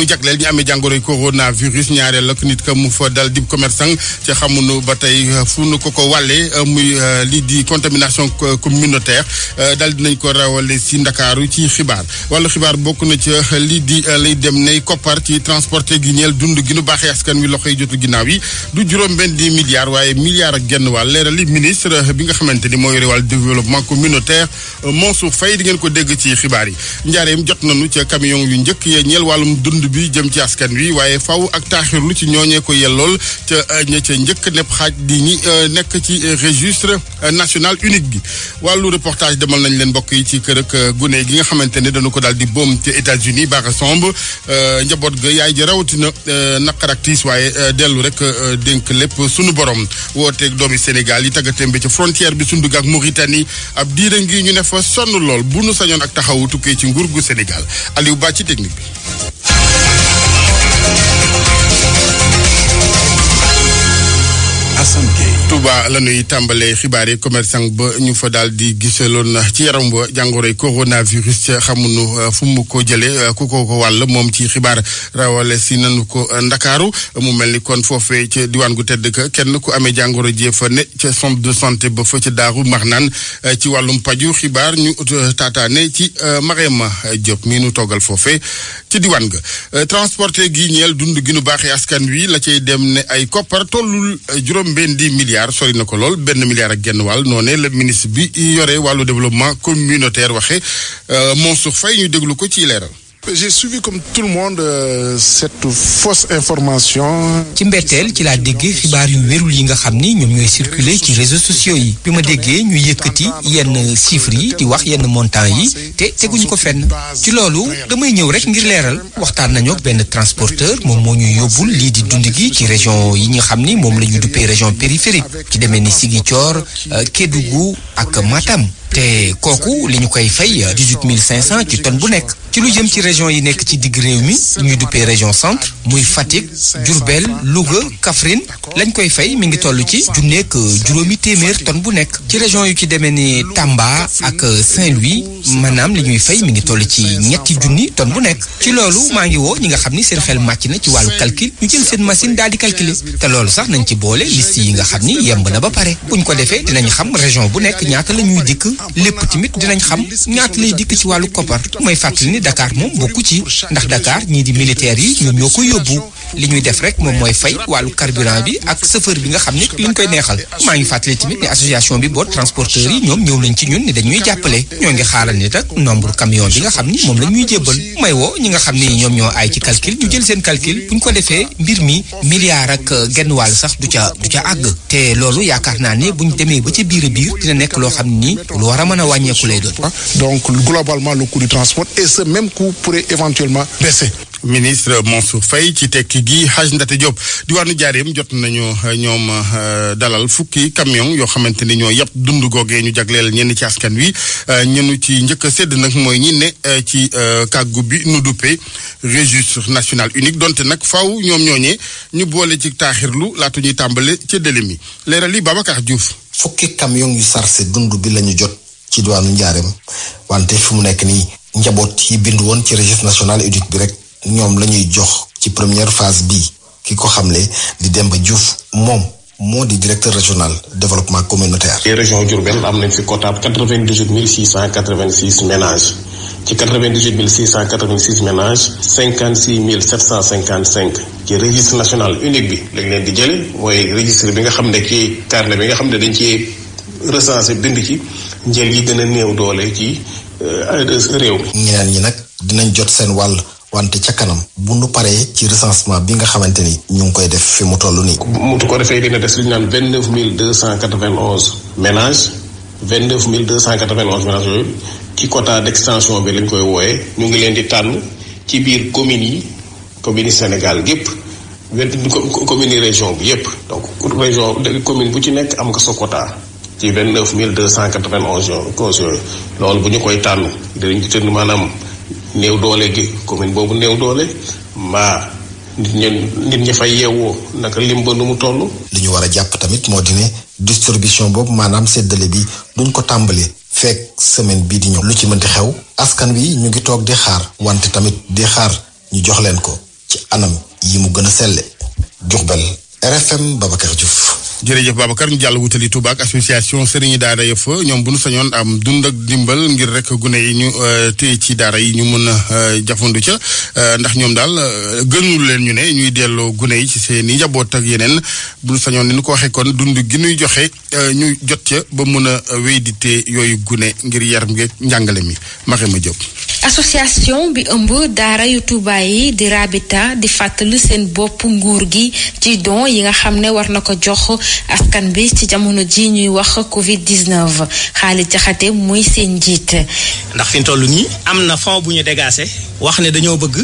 nu jagleel ñu amee jàngoroy coronavirus ñaareel ak nit ka mu fa dal dib commerçant ci xamunu ba tey fu nu ko ko wàllee euh, muy euh, lii di contamination communautaire euh, dal dinañ ko rawale si ndakaaru ci xibaar wàllu xibaar bokk na ci lii di lay dem nay koppar ci transporté gi ñeel dund gi nu baaxee askan wi loxo yi jotu ginnaaw yi du juróom benn di milliards waaye milliards ak genn wàll leeral li ministre bi nga xamante ni moo yore wàll développement communautaire Mansour Faye di ngeen ko dégg ci xibaar yi njaareem jot nañu ca camion yu njëkk bi jëm ci askan wi waaye faw ak taaxirlu ci ñooñee ko yellool ca euh, ña ca njëkk nepp xaaj di ñi euh, nekk ci euh, registre national unique bi wàllu reportage demal nañ leen mbokk yi ci kër ak gune gi nga xamante ne dañu ko daal di boom ci États-Unis baax somb njaboot ga yaay ji rawatina naqar ak waaye dellu rek dénk lépp sunu borom wooteeg doomi Sénégal yi taggatem bi ci frontière bi sundu ak Mauritanie ab diira ngi ñu ne fa sonn lool bu nu sañoon ak taxawu tukkee ci nguur gu Sénégal Aliou Ba ci technique Assane Touba la tàmbalee xibaar yi commerçant ba ñu fa dal di na ci yaram ba jàngoroy coronavirus xamuñu euh, fu mu ko jëlee euh, ku ko ko wàll moom ci xibaar rawale si nanu ko euh, ndakaaru mu mel ni kon foofe ca diwaan gu tedd kenn ku amee jàngoro jee fa de santé ba fa ca daaru max naan ci wàllum paju xibaar ñu taataane ci ma Diop mi nu toggal foofee ci diwaan ga transporté gi ñeel dund gi nu baaxee askan wi la cay dem ne ay koppar tollul juróom-benn di milliards sori na ko lool benn milliard ak genn wàll noonee la ministre bi yore wàllu développement communautaire waxe euh, su Faye ñu déglu ko ci leeral. j'ai suivi comme tout le monde euh, information. ci mbetteel ci laa dégg xibaar yu wérul yi nga xam ni ñoom ñooy circuler ci réseaux sociaux yi bi ma déggee ñu yëkkati yenn chiffres yi di wax yenn montants yi te teguñu ko fenn ci loolu damay ñëw rek ngir leeral waxtaan nañu ak benn transporteur moom moo ñu yóbbul lii di dund gi ci région yi ñu xam ni moom la ñu duppee région périphérique ci demee ni Ziguinchor euh, Kédougou ak Matam. te kooku li ñu koy fay dix-huit cinq cent ci tonne bu nekk. ci lu jëm ci région yi nekk ci digg réew mi ñuy duppee région centre muy Fatick Diourbel Louga Kaffrine lañ koy fay mi ngi toll ci junneek juróomi téeméer tonne bu nekk ci région yu ci demee ni Tamba ak Saint-Louis maanaam li ñuy fay mi ngi toll ci ñetti junni tonne bu nekk ci loolu maa ngi woo ñi nga xam ni seen xel màcc na ci wàllu calcul ñu jël seen machine daal di calculer te loolu sax nañ ci boole liste yi nga xam ni yemb na ba pare buñ ko defee dinañ xam région bu nekk ñaata la ñuy dikk lépp tamit dinañ xam ñaata lay dikk ci wàllu koppar may fàttali ni Dakar moom bokku ci ndax Dakar ñii di militaires yi ñoom ñoo ko yóbbu li ñuy def rek moom mooy fay wàllu carburant bi ak chauffeur bi nga xam ne li ñu koy neexal maa ngi fàttali tamit ne association bi boo transporteurs yi ñoom ñëw nañ ci ñun ni dañuy jàppale ñoo ngi xaaral nit ak nombre camion bi nga xam ni moom la ñuy jébbal may woo ñi nga xam ni ñoom ñoo aay ci calcul ñu jël seen calcul bu ñu ko defee mbir mi milliard ak genn wàll sax du ca du ca àgg te loolu yaakaar naa ne bu ñu demee ba ca biir a biir dina nekk loo xam ni lu war a mën a wàññeeku lay doon donc globalement le coût du transport et ce même coût pourrait éventuellement ministre Mansour Faye ci tekki gi Hadj Ndate Diop diwaanu jaareem jot nañu euh, ñoom euh, dalal fukki camion yoo xamante ni ñoo yàpp dund googee ñu jagleel ñenn ci askan wi euh, ñenu ci njëkk a sedd nag mooy ñi ne ci kàggu bi nu duppe registre national unique donte nag faw ñoom ñooñee ñu boole ci taaxiirlu laatu ñuy tàmbale ca mi leeral yi Babacar Diouf. fukki camion yu sarse dund bi lañu jot ci diwaanu njaareem wante fi mu nekk nii njaboot yi bind woon ci registre national unique rek ñoom la ñuy jox ci première phase bi ki ko ne di dem Demba Diouf moom moo di directeur régional développement communautaire. les régions Diourbel am nañ fi quotaab quatre-vingt-dix-huit mille six cent quatre-vingt-six ménages ci quatre-vingt-dix-huit mille six cent quatre-vingt-six ménages national unique bi lañ leen di jële mooy registre bi nga xam ne ci carnet bi nga xam ne dañ ci recensé bind ci njël yi gën a néew doole ci euh, réew mi. ñeneen ñi nag dinañ jot seen wàll. wante ca kanam bu nu paree ci recensement bi nga xamante ni ñu ngi koy def fi mu toll nii. mu ko defee dina des lu ñu naan vingt neuf mille deux cent quatre vingt onze ménages vingt mille deux cent quatre vingt onze ménages yooyu ci quota d' extension bi lañ koy wooyee ñu ngi leen di tànn ci biir communes yi commune Sénégal gépp vingt communes yi région bi yépp donc région commune bu ci nekk am nga sa quota. ci vingt neuf mille deux cent quatre vingt onze yooyu loolu bu ñu koy tànn dinañ ci tënn maanaam. néew doole gi commune boobu néew doole ma nit ña nit ña fay yeewoo naka lim ba lu mu toll. li ñu war a jàpp tamit moo di ne distribution boobu maanaam séddale bi duñ ko tàmbali fekk semaine bii di ñëw. lu ci mënti xew askan wi ñu ngi toog di xaar. wante tamit di xaar ñu jox leen ko ci anam yi mu gën a selle. Diourbel RFM Babacar Diouf. jërëjëf Babacar ñu jàll wutali Touba ak association Serigne Daara ya fa ñoom bu nu sañoon am dund ak dimbal ngir rek gune yi ñu euh, téye ci daara yi ñu mën a euh, jafandu ca euh, ndax ñoom daal gënul leen ñu ne ñuy delloo gune yi ci seen i njaboot ak yeneen bu nu sañoon ni ñu ko waxee kon dund gi ñuy joxe ñu jot ca ba mën a wéy di téye yooyu gune ngir yar ngeeg njàngale mi ma Diop. association bi ëmb daara yu Tuuba yi di Rabita di fàttali seen bopp nguur gi ci don yi nga xam ne war na ko jox askan bi ci jamono ji ñuy wax Covid 19 Xaalis Jaxate mooy seen njiit. ndax fi ñu toll nii. am na fond bu ñu dégaase. wax ne dañoo bëgg.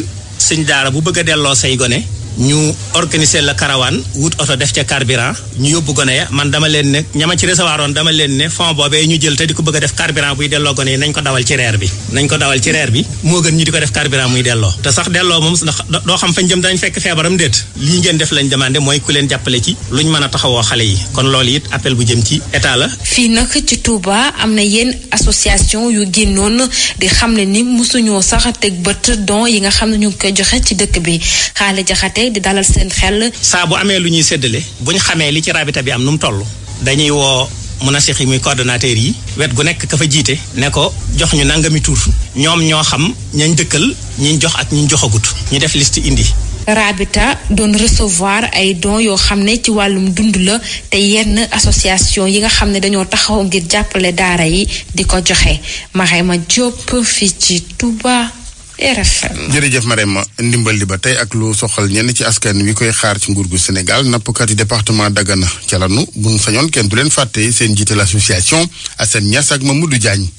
sëñ daara bu bëgg a delloo say gone. ñu organiser la caravane wut oto def ca carburant ñu yóbbu gone ya man dama leen ne ñama ci recevoir woon dama leen ne fond boobee ñu jël te di ko bëgg a def carburant buy delloo gone yi nañ ko dawal ci reer bi nañ ko dawal ci reer bi moo gën ñu di ko def carburant muy delloo te sax delloo moom ndax doo xam fañ jëm dañ fekk feebaram déet lii ngeen def lañ demandé mooy ku leen jàppale ci luñ mën a taxawoo xale yi kon loolu it appel bu jëm ci état la fii nag ci Touba am na yenn association yu génnoon di xam ne ni mosuñoo sax teg bët don yi nga xam ne ñu ngi koy joxe ci dëkk bi xaale jaxate sénégalais di dalal seen xel. saa bu amee lu ñuy séddale bu ñu xamee li ci rabita bi am nu mu toll. dañuy woo mun a seq muy coordonnateur yi. wet gu nekk ka fa jiite. ne ko jox ñu nangami tuur. ñoom ñoo xam ñañ dëkkal ñiñ jox ak ñiñ joxagut. ñu def liste indi. Rabita doon recevoir ay dons yoo xam ne ci wàllum dund la te yenn association yi nga xam ne dañoo taxaw ngir jàppale daara yi di ko joxe Marema Diop fii ci Touba. RFM. jërëjëf ma ndimbal li ba tey ak lu soxal ñenn ci askan wi koy xaar ci nguur gu Sénégal nappkat yi département Dagana ca lanu buñ sañoon kenn du leen fàtte seen jiite l'association Assane Niass ak Mamadou Diagne.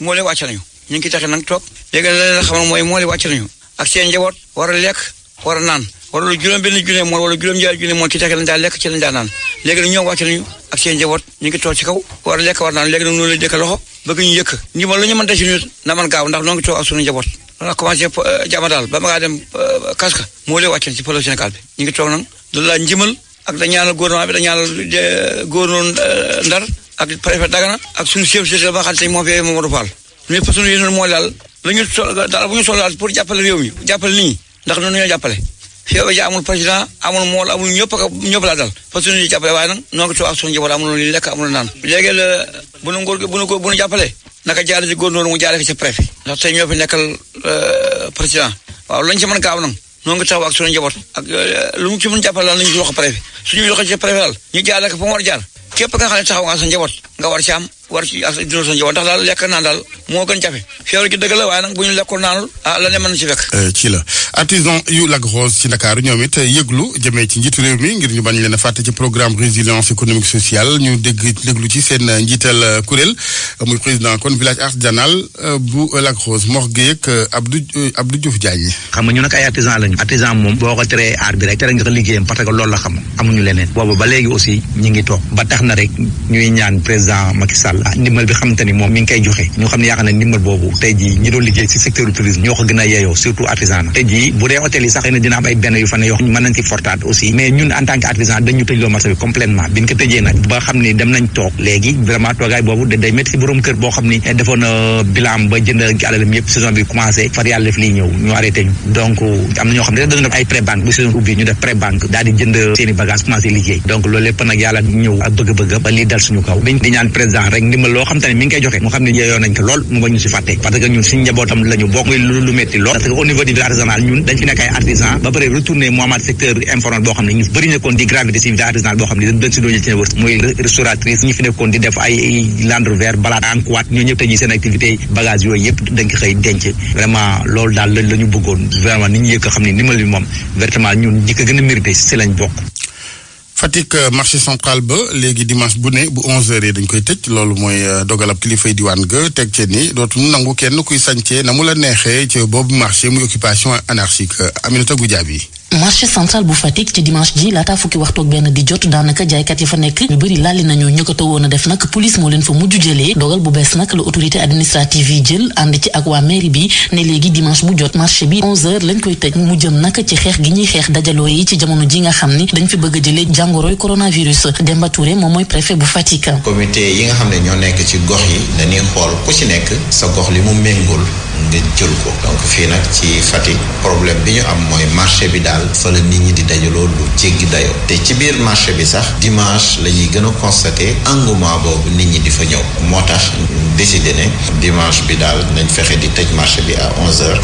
moo leen wàcc nañu ñu ngi ci taxe nag toog léegi nag la leen mooy moo leen wàcc nañu ak seen njaboot war a lekk war a naan wala juróom benn junne mooy lekk ci lañ daa naan léegi nag ngi toog ci kaw war lekk war naan léegi nag noonu lay dëkk loxo bëgg ñu yëkk ndimbal lu ñu mën gaaw ndax noo ngi toog ak suñu njaboot man a commencé euh, jàmm daal ba ma ngaa dem euh, kaska moo lay wàccoon ci polo Sénégal bi ñu ngi toog nag du la njimal ak da ñaanal gouvernement bi da ñaanal euh, gouvernement Ndar ak préfet Dagana ak suñu chef de ba nga xam ne moom fi Mamadou Fall ñëpp suñu yéen mooy daal la ñu daal bu ñu soxla pour jàppale réew mi jàppale nit ndax noonu ñoo jàppale feebar ji amul président amul mool amul ñëpp a ñëpp laa dal parce que ñu jàppale waaye nag noo ngi toog ak suñu njaboot amul lekk amul naan léegi la bu nu nguur gi jàppale naka jaare si góor noonu mu jaare fi si préfet ndax tey ñoo fi nekkal euh, président waaw lañ ci mën gaaw nag noo ngi taxaw ak suñu njaboot ak euh, lu mu ci mën jàppale daal nañu si wax ñu jaar ak fa mu war jaar képp nga xam ne taxaw nga sa njaboot nga war ci am war ci ak dundal sa njaboot ndax daal lekk waaye nag bu ñu lekkul naanul ah la ne mën ci fekk eh, ci la artisan yu Lac Rose ci Ndakaaru ñoom yëglu jëmee ci njiitu réew mi ngir ñu bañ leen a fàtte ci programme résilience économique sociale ñu dégg déglu ci seen njiital kuréel muy président kon village artisanal eh, bu Lac Rose Mor Gueye ak eh, Abdou Abdou Diouf Diagne xam ñu nag ay artisan lañu artisan moom boo ko teree aar bi rek tere nga ko liggéeyam que loolu la xam amuñu leneen boobu ba tax na rek ñuy ñaan président Macky Sall ah ndimbal bi xamante ni moom mi ngi joxe ñoo xam mën nañ xam ne dem boobu da day ñu def ay pré jënd seen i bagage liggéey donc loolu lépp nag yàlla ñëw ak bëgg bëgg ba lii dal suñu kaw dañ di ñaan président rek ndimbal loo xam lool mu metti lool parce que au niveau village artisanal ñun dañ fi nekk ay artisan ba pare retourné mu amaat secteur informel boo xam ne ñu fi nekkoon di def ay landre vert balaat ankuwaat ñoo ñëpp tey seen activité bagage yooyu yëpp dañ ko xëy denc vraiment loolu daal lañ bëggoon vraiment ni ñu yëg xam ne ndimbal bi moom vraiment ñun ñi ko gën a mérité si lañ bokk Fatick euh, marché central ba léegi dimanche bu ne bu 11h yi dañ koy tëj loolu mooy euh, dogalab kilifay diwaan ga teg cee ni dootuñu nangu kenn kuy sañcee na mu la neexee ci boobu marché muy occupation anarchique euh, Aminata yi marché central bu Fatick ci dimanche ji laata fukki waxtoog benn di jot daanaka jaaykat yi fa nekk ñu bëri laali nañu ñu ko tawoon a def nag police moo leen fa mujj jëlee dogal bu bees nag la autorité administrative yi jël ànd ci ak waa mairie bi ne léegi dimanche bu jot marché bi 11h lañ koy teg mu jëm nag ci xeex gi ñuy xeex dajaloo yi ci jamono ji nga xam ni dañ fi bëgg a jëlee jàngoroy coronavirus Demba Touré moom mooy préfet bu Fatick. comité yi nga ne ñoo nekk ci gox yi dañuy xool ku ci nekk sa gox li mu méngul nga jël fii nag ci Fatick am mooy marché bi daal Sénégal fa la nit ñi di dajaloo lu jéggi dayoo te ci biir marché bi sax dimanche la ñuy gën a constaté engouement boobu nit ñi di fa ñëw moo tax décidé ne dimanche bi daal nañ fexe di tëj marché bi à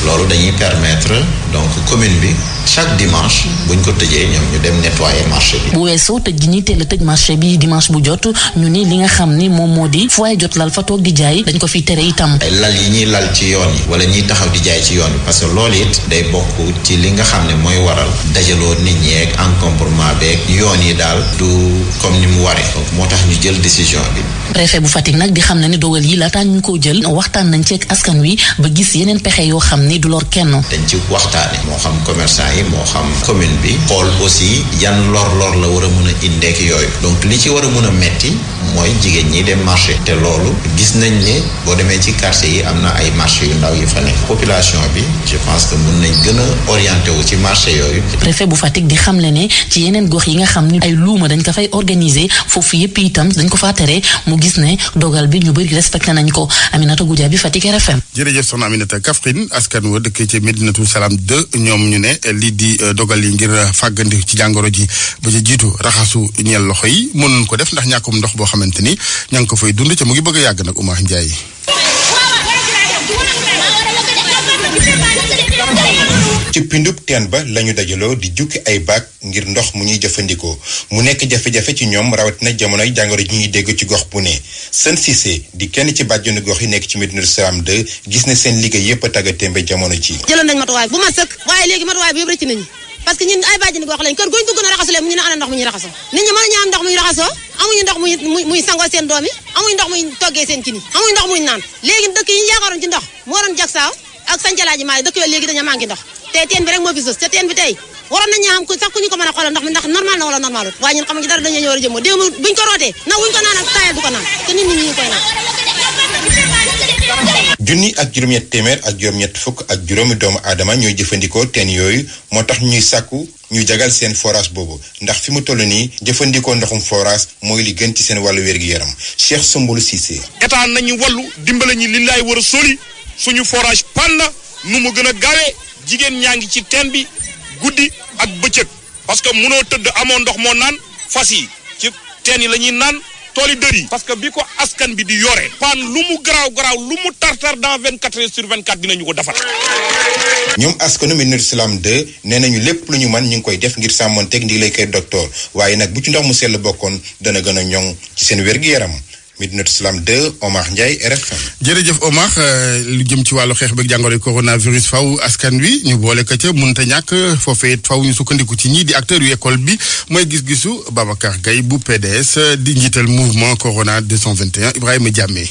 loolu dañuy permettre donc commune bi chaque dimanche buñ ko tëjee ñoom ñu dem nettoyer marché bi. bu weesoo tëj gi ñuy teel a tëj marché bi dimanche bu jot ñu ni li nga xam ni moom moo di fu waay jot lal fa toog di jaay dañ ko fi tere itam. lal yi ñuy lal ci yoon yi wala ñuy taxaw di jaay ci yoon bi parce daal dajaloo nit ñi encomprement encombrement yoon yi daal du comme ni mu waree. moo tax ñu jël décision bi. préfet bu Fatick nag di xam ne ne dogal yi laataa ñu koo jël waxtaan nañ ceeg askan wi ba gis yeneen pexe yoo xam ni du lor kenn. dañ ci waxtaane moo xam commerçant yi moo xam commune bi xool aussi yan lor-lor la war a mën a indeek yooyu donc li ci war a mën a metti mooy jigéen ñi dem marché te loolu gis nañ ne boo demee ci quartier yi am na ay marché yu ndaw yu fa population bi je pense que mun nañ gën orienté wu ci marché yooyu. préfet bu Fatick di xamle ne ci yeneen gox yi nga xam ni ay luuma dañ ko fay organiser foofu yëpp itam dañ ko faa tere gis ne dogal bi ñu bëri respecté nañ ko Aminata Goudia bi Fatick RFM. jërëjëf soxna Aminata Kaffrine askan wa dëkk ci Medinatu Salaam de ñoom ñu ne lii di dogal yi ngir fàggandi ci jàngoro ji ba ca jiitu raxasu ñeel loxo yi mënuñ ko def ndax ñàkkum ndox boo xamante ni ña ngi ko fay dund ca mu ngi bëgg a yàgg nag Oumar Ndiaye. ci pindub teen ba lañu dajaloo di jukki ay baag ngir ndox mu ñuy jëfandikoo mu nekk jafe-jafe ci ñoom na jamonoy jàngoro ji ñuy dégg ci gox bu ne seen Cissé di kenn ci bàjjenu gox yi nekk ci Médina Salaam 2 gis na seen liggéey yépp a tagga témbe jamono ci jëloon nañ matuwaay bu ma sëkk waaye léegi matuwaay bi yëpp ñu ne ana ndox mu ñuy raxasoo nit ñi mënuñu am ndox muy raxasoo amuñu ndox muy muy sangoo seen doom amuñu ndox muy toggee seen kini amuñu ndox muy naan léegi dëkk yi ñu ak sanjalaaji maay dëkk yooyu léegi dañu te teen bi rek moo fi sës te teen bi tey waroon nañu xam sax ku ñu ko mën a xoolal ndox mi ndax normal na wala normalut waaye ñun xamuñu dara dañoo war a jëmoo démb buñ ak taayal ak juróom-ñett téeméer ak juróom-ñett fukk ak juróomi doomu aadama ñooy jëfandikoo teen yooyu moo tax ñuy sàkku ñu jagal seen forage boobu ndax fi mu toll nii jëfandikoo ndoxum forage mooy li gën ci seen wàllu wér yaram Cheikh Soumboulou Cissé. état nañu wallu dimbale ñi li laay war a soli suñu forage pan na gën a gaawee jigéen ñaa ngi ci teen bi guddi ak bëccëg parce que munoo tëdd amoon ndox moo naan fas yi ci teen yi la naan tooli dër yi parce que bi ko askan bi di yore paan lu mu garaaw garaaw lu mu tar dans vingt quatre heures sur vingt quatre dinañu ko defar ñoom askanu Médinatoul Islam 2 nee nañu lépp lu ñu man ñu ngi koy def ngir sàmmoon sàmmonteeg ndigalay kër docteur waaye nag bu ci ndox mu sell bokkoon dana gën a ñoŋ ci seen wér yaram Midinatoul Islam 2 Omar Ndiaye rek jërëjëf Omar euh, lu jëm ci wàllu xeex beeg jàngoro coronavirus faw askan wi ñu boole ko ca mënut ñàkk foofee it faw ñu sukkandiku ci ñii di acteur yu école bi mooy gis-gisu Babacar Gaye bu PDS di njiital mouvement Corona 221 Ibrahima Diamé.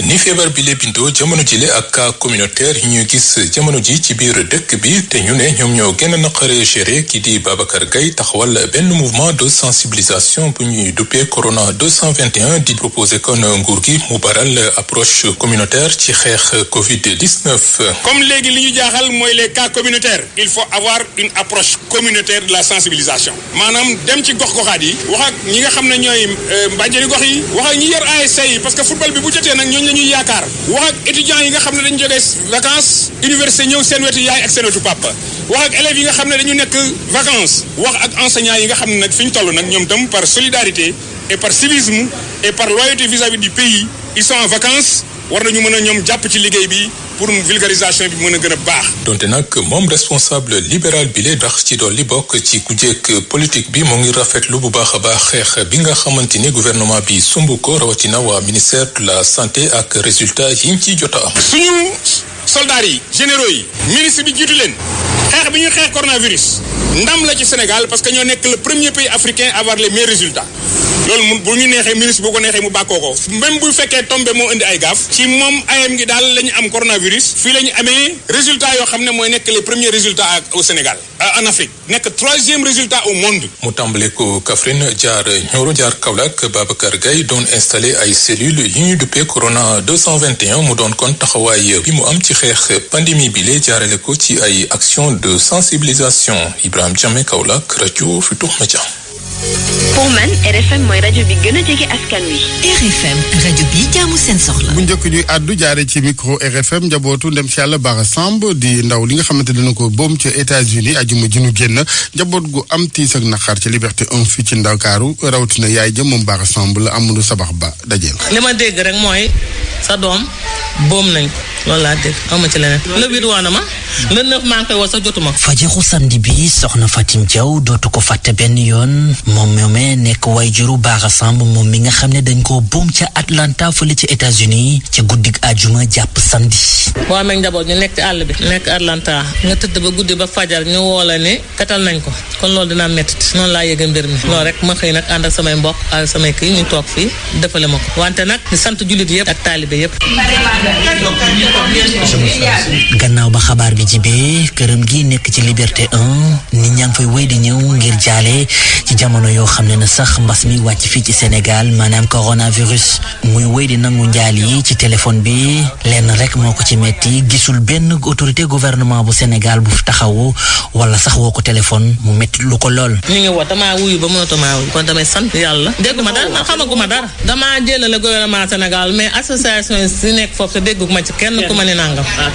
ni feebar bi le bindoo jamono jile ak cas communautaire yi ñu gis jamono ji ci biir dëkk bi te ñu ne ñoom ñoo gën a naqare géré ki di Babacar Gaye taxawal benn mouvement de sensibilisation bu ñuy duppee Corona 221 di proposé kon nguur gi mu baral approche communautaire ci xeex Covid 19. comme léegi li ñu jaaxal mooy les cas communautaires il faut avoir une approche communautaire de la sensibilisation maanaam dem ci gox-goxaat yi wax ak ñi nga xam ne ñooy euh, ñooñu ñuy yaakaar wax ak étudiants yi nga xam ne dañu jógee vacances université ñëw seen wetu yaay ak seen wetu papa wax ak élèves yi nga xam ne dañu nekk vacances wax ak enseignants yi nga xam ne nag fi ñu toll nag ñoom tam par solidarité et par civisme et par loyauté vis-à-vis du pays ils en vacances war nañu mën a ñoom jàpp ci liggéey bi pour vulgarisation bi mën a gën a baax. donte nag moom responsable libéral bi lay dax ci li bokk ci ku kujjeek politique bi moo ngi rafetlu bu baax a baax xeex bi nga xamante ni gouvernement bi sumb ko rawatina waa ministère de la santé ak résultat yi ñu ciy jot a am. suñu soldats yi généraux yi. ministre bi jiitu leen. xeex bi ñuy xeex coronavirus. ndam la ci Sénégal parce que ñoo nekk le premier pays africain à avoir les meilleurs loolu mun bu ñu neexee ministre boo ko neexee mu bàkkoo ko même bu fekkee tombé moo indi ay gaaf ci moom ayam gi daal la ñu am coronavirus fii la ñu amee résultat yoo xam ne mooy nekk les premiers résultats au Sénégal euh, en Afrique nekk troisième résultat au monde. mu tàmbalee ko Kaffrine jaar Nioro jaar Kaolack Babacar gay doon installé ay cellules yu ñu duppee corona 221 mu doon kon taxawaay bi mu am ci xeex pandémie bi lee jaarale ko ci ay action de sensibilisation Ibrahima Diame Kaolack rajo Futurs Médias pour man RFM mooy rajo bi gën a jege askan bi bu njëkk ñuy àddu ci micro RFM njabootu ndem si yàlla Bara Samb di ndaw li nga xamante dana ko boom ca États-Unis ajuma ji nu génn njaboot gu am tiis ak naqar ci liberté 1 fii ci Ndakaaru rawatina yaay jëm moom Bara Samb la amulu sabax ba dajeel. li ma dégg rek mooy sa doom boom nañ loolu laa dégg amu ci leneen. le huit woon na ma. maa ngi koy woo sax jotuma. fajaxu samedi bi soxna Fatim Diaw dootu ko fàtte benn yoon. moom moomee nekk way juru baax a samb moom mi nga xam ne dañ koo boom ca Atlanta fële ci États-Unis ca guddig ajuma jàpp samedi. waaw meeg njaboot ñu nekk ci àll bi nekk Atlanta nga tëdd ba guddi ba fajar ñu woo la ne katal nañ ko kon loolu dinaa mettit noonu laa yëga mbir mi loolu rek ma xëy nag ànd ak samay mbokk ak samay kii ñu toog fii defale ma ko wante nag ñu sant jullit yëpp ak taalibe yëpp. gannaaw ba xabaar bi jibee këram gi nekk ci Liberté 1 jamono yoo xam ne na sax mbas mi wàcc fii ci Sénégal maanaam coronavirus muy wéy di nangu njaal yi ci téléphone bi lenn rek moo ko ci metti gisul benn autorité gouvernement bu Sénégal bu taxawu wala sax woo ko téléphone mu metti lu ko lool. ñu ngi woo damaa wuyu ba mënatumaa wuyu kon damay sant yàlla. dégguma dara man xamaguma dara. damaa jëlale gouvernement Sénégal mais association si nekk foofu te dégguma ci kenn ku ma ne nangam. Ah,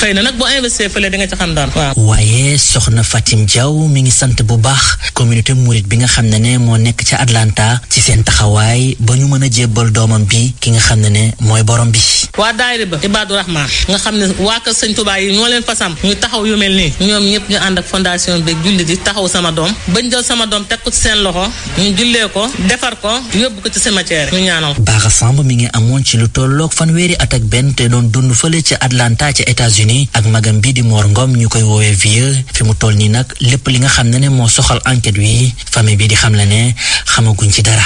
xëy na nag boo investir fële di nga ci xam dara. waaye soxna Fatim Diaw mi ngi sant bu baax communauté murit bi nga xam ne ne moo nekk ca Atlanta ci seen taxawaay ba ñu mën a jébbal doomam bi ki nga xam ne ne mooy borom bi waa daayira ba Ibadu Rahman nga xam ne waa kër sëñ Tuubaa yi ñoo leen fasam ñu taxaw yu mel nii ñoom ñëpp ñu ànd ak fondation bi julli di taxaw sama doom bañ jël sama doom teg ko ci seen loxo ñu jullee ko defar ko yóbbu ko ci cimetière ñu ñaanal Bara Samb mi ngi amoon ci lu tolloog fanweeri at ak benn te doon dund fële ca Atlanta bi famille bi di xam la ne xamaguñ ci dara.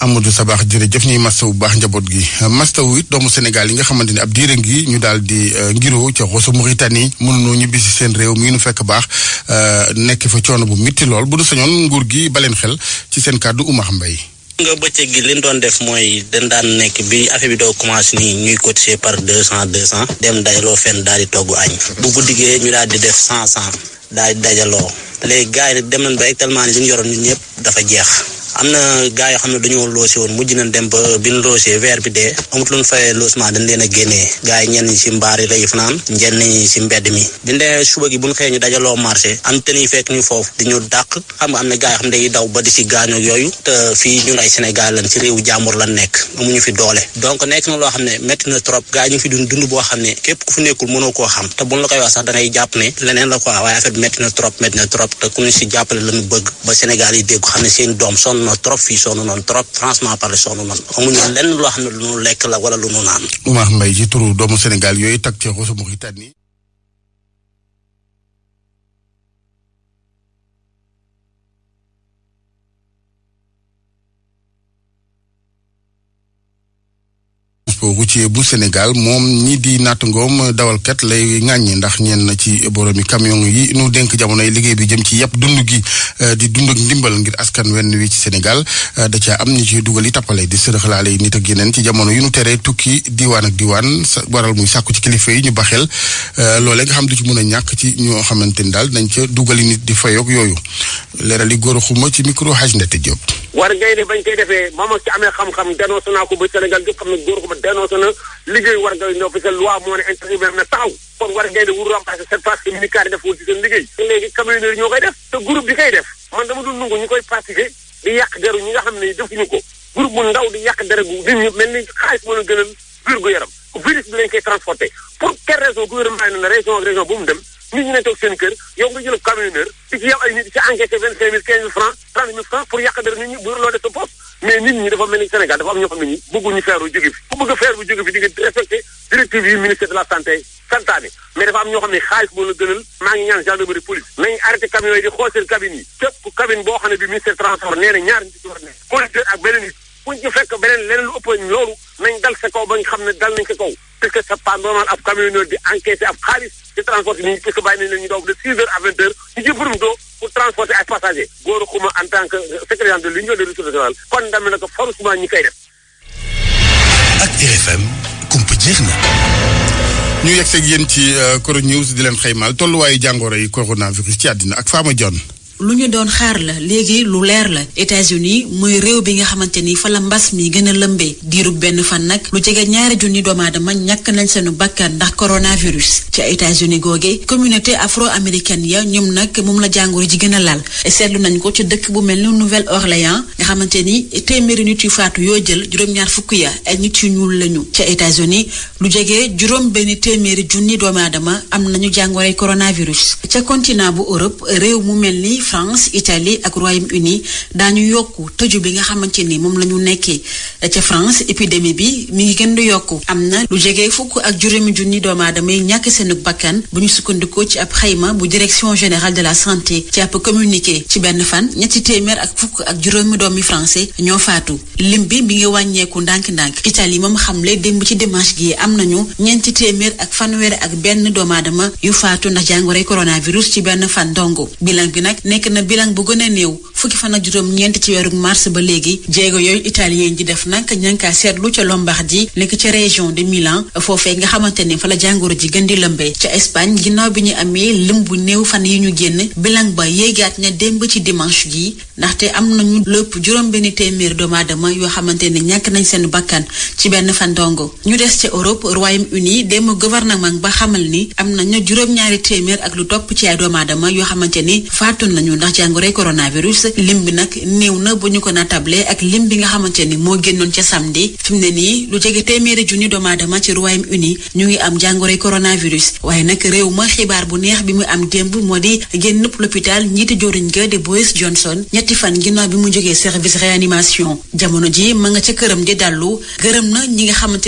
Amadou Sabax jërëjëf ñuy mastaw bu baax njaboot gi mastaw it doomu Sénégal yi nga xamante ni ab diire ngi ñu daal di euh, ngiroo ca Rosso Mauritanie mënuñoo ñibbi si seen réew mi nu fekk baax euh, nekk coono bu mitti lool bu du sañoon nguur gi ba leen xel ci seen kàddu Oumar Mbaye nga bëccëg gi liñ doon def mooy dañ daan nekk bi affaire bi doo commencé nii ñuy cotiser par deux cent deux cent dem dajaloo fenn daal di togg añ bu guddigee ñu daal di def cent cent daal di dajaloo léegi gars yi nag dem nañ ba actuellement ni suñu yoroon ñun ñëpp dafa jeex am na gars xam ne dañoo loosé woon mujj nañ dem ba bi ñu loosé weer bi dee amut luñ fayee loosement dañ leen a génnee gars yi ñenn ñi si mbaar yi lay fanaan ñenn ñi si mbedd mi bi ñu demee suba gi buñ xëyee ñu dajaloo marché am te ñu fekk ñu foofu di ñu dàq xam nga am na gars yoo xam ne day daw ba di si gaañoo yooyu te fii ñun ay Sénégal lan si réewu jàmbur lan nekk ñu fi doole donc nekk na loo xam ne métti na trop gars yi ñu fi boo xam ne képp ku fi nekkul mënoo koo xam te buñ la métti na trop métti na trop te ku ñu si jàppale la ñu bëgg ba Sénégal yi dégg xam ne seen doom sonn na trop fii sonn noonu trop franchement parlé sonn noonu amuñu lenn loo xam ne lu nu lekk la wala lu nu naan. Oumar Mbaye ci turu doomu Sénégal yooyu tag ci Mauritanie transport routier bu Sénégal moom ñi di nattangoom dawalkat lay ñi ndax ñenn ci boromi camion yi nu dénk yi liggéey bi jëm ci yëpp dund gi euh, di dund ak ndimbal ngir askan wenn wi ci Sénégal euh, da caa am ni ci dugal yi tappale di sërëxalaale nit ak yeneen ci jamono yu nu teree tukki diwaan ak diwaan waral muy sàkku ci kilifa yi ñu baxel euh, loolee nga xam du ci mën a ñàkk ci ñoo xamante ni daal dañ ca dugali nit di fayoog yooyu leeral yi góor xuma ci micro Haj Ndete war ngay def bañ koy defee mama ci amee xam-xam dénoncé naa ko ba Sénégal gi xam ne góor ko ba dénoncé na liggéey war ngay war ngay def wuru remplacé cette phase que militaire yi def woon ci liggéey léegi camionneur ñoo koy def te groupe bi koy def man dama dul nungu ñu koy pratiqué di yàq deru ñi nga xam ne defuñu ko groupe bu ndaw di yàq dere gu nit ñi mel ni xaalis mën a gënal yaram virus bi lañ koy transporté pour quelle raison gouvernement yi ne région ak région bu mu dem nit ñi ne toog seen kër yow nga jëlab camionneur di ci yow ay nit di ci encaissé vingt cinq mille quinze mille francs trente pour yàq nit ñi bu loo def sa poche mais nit ñi dafa mel ni Sénégal dafa am ñoo xam ne ñi bëgguñu feeru jóge fi ku bëgg feer bu jóge fi di nga directive yi ministère de la santé santaane mais dafa am ñoo xam ne xaalis fu ñu fekk beneen leneen lu ëpp loolu nañ dal sa kaw ba nga xam ne dal nañ ko kaw puisque c'est pas normal ab camionneur di encaisser ab xaalis di transporter ñu doog de 6 heures à 20 heures ñu doo pour transporter ay passagers góor xuma en tant que secrétaire de l'union des routes nationales condamné na ko farouchement ñi koy def. ak RFM kumpa jeex na. ñu yegg seeg yéen ci euh, Coro News di leen xaymaal tolluwaayu jàngoro yi coronavirus ci àddina ak Fama Dione. lu ñu doon xaar la léegi lu leer la États-Unis mooy réew bi nga xamante ni fa la mbas mi gën a lëmbee diirub benn fan nag lu jege ñaari junni doomu aadama ñàkk nañ seenu bàkkan ndax coronavirus ci États-Unis googe communauté afro-américaine ya ñoom nag moom la jàngoro ji gën a laal seetlu nañ ko ci dëkk bu mel ni Nouvelle-Orléans nga xamante ni téeméeri nit yu faatu yoo jël juróom fukk ya ay yu ñuul lañu ca États-Unis lu jege juróom benn téeméeri junni doomu aadama am nañu jàngoroy coronavirus ca continent bu Europe réew mu mel nii France Italie ak Royaume-Uni daañu yokku tëju bi nga xamante ni moom la ñu nekkee ca France épidémie bi mi ngi gën di yokku am na lu jege fukk ak juróomi junni doomu aadama yi ñàkk seen bakkan bu ñu sukkandikoo ci ab xayma bu direction générale de la santé ci ab communiqué ci benn fan ñetti téeméer ak fukk ak juróomi doomi francais ñoo faatu lim bi bi nga wàññeeku ndànk-ndànk Italie moom xam xamle démb ci dimanche gii am nañu ñeenti téeméer ak fanweer ak benn doomu aadama yu faatu ndax jàngoroy coronavirus ci benn fan dongo nekk na bilan bu gën a néew fukki fan ak juróom-ñeent ci weeru mars ba léegi jéego yooyu italien ji def nag ña ngi kaa seetlu ca Lombardie nekk ca région de Milan foofee nga xamante ne fa la jàngoro ji gën di lëmbee ca Espagne ginnaaw bi ñu amee lëm bu néew fan yi ñu génn bilan ba yéegaat na démb ci dimanche gi ndaxte am nañu lépp juróom-benn téeméer doomaadama yoo xamante ne ñàkk nañ seen bakkan ci benn fan dongo ñu des ca Europe Royaume-Uni démb gouvernement ba xamal ni am nañu juróom-ñaari téeméer ak lu topp ci ay doomu yoo xamante ni faatu nañu ndax jàngoro coronavirus lim bi nag néew na bu ñu ko natable ak lim bi nga xamante ni moo génnoon ca samedi fi mu ne nii lu jege téeméeri junni doomu aadama ci Royaume-Uni ñu ngi am jàngoroy coronavirus waaye nag réew ma xibaar bu neex bi mu am démb moo di génn l'hôpital njiiti joriñ ga de Boris Johnson ñetti fan ginnaaw bi mu jógee service réanimation jamono ji ma nga ca këram di dallu gërëm na ñi nga xamante